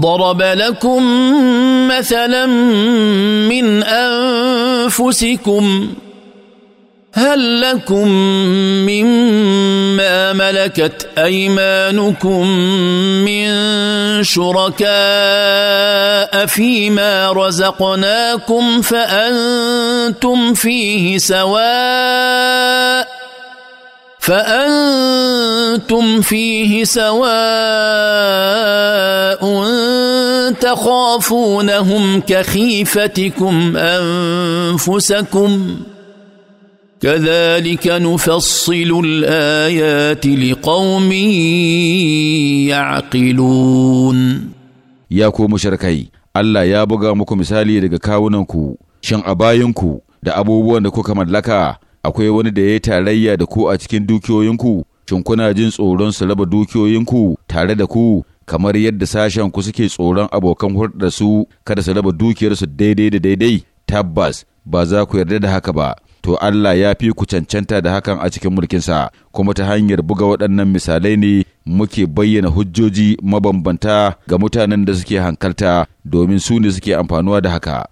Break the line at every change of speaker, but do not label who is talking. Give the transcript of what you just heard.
ضرب لكم مثلا من انفسكم هل لكم مما ملكت ايمانكم من شركاء فيما رزقناكم فانتم فيه سواء فانتم فيه سواء تخافونهم كخيفتكم انفسكم كذلك نفصل الايات لقوم يعقلون
ya ku sharkai Allah ya buga muku misali daga kawunanku shin a bayanku da abubuwan da kuka mallaka akwai wani da ya yi tarayya da ku a cikin dukiyoyinku shin kuna jin tsoron su raba dukiyoyinku tare da ku kamar yadda sashen ku suke tsoron abokan hulɗar su kada su raba dukiyarsu daidai da daidai tabbas ba za ku yarda da haka ba to Allah ya fi ku cancanta da hakan a cikin mulkinsa kuma ta hanyar buga waɗannan misalai ne muke bayyana hujjoji mabambanta ga mutanen da suke hankalta domin su ne suke amfanuwa da haka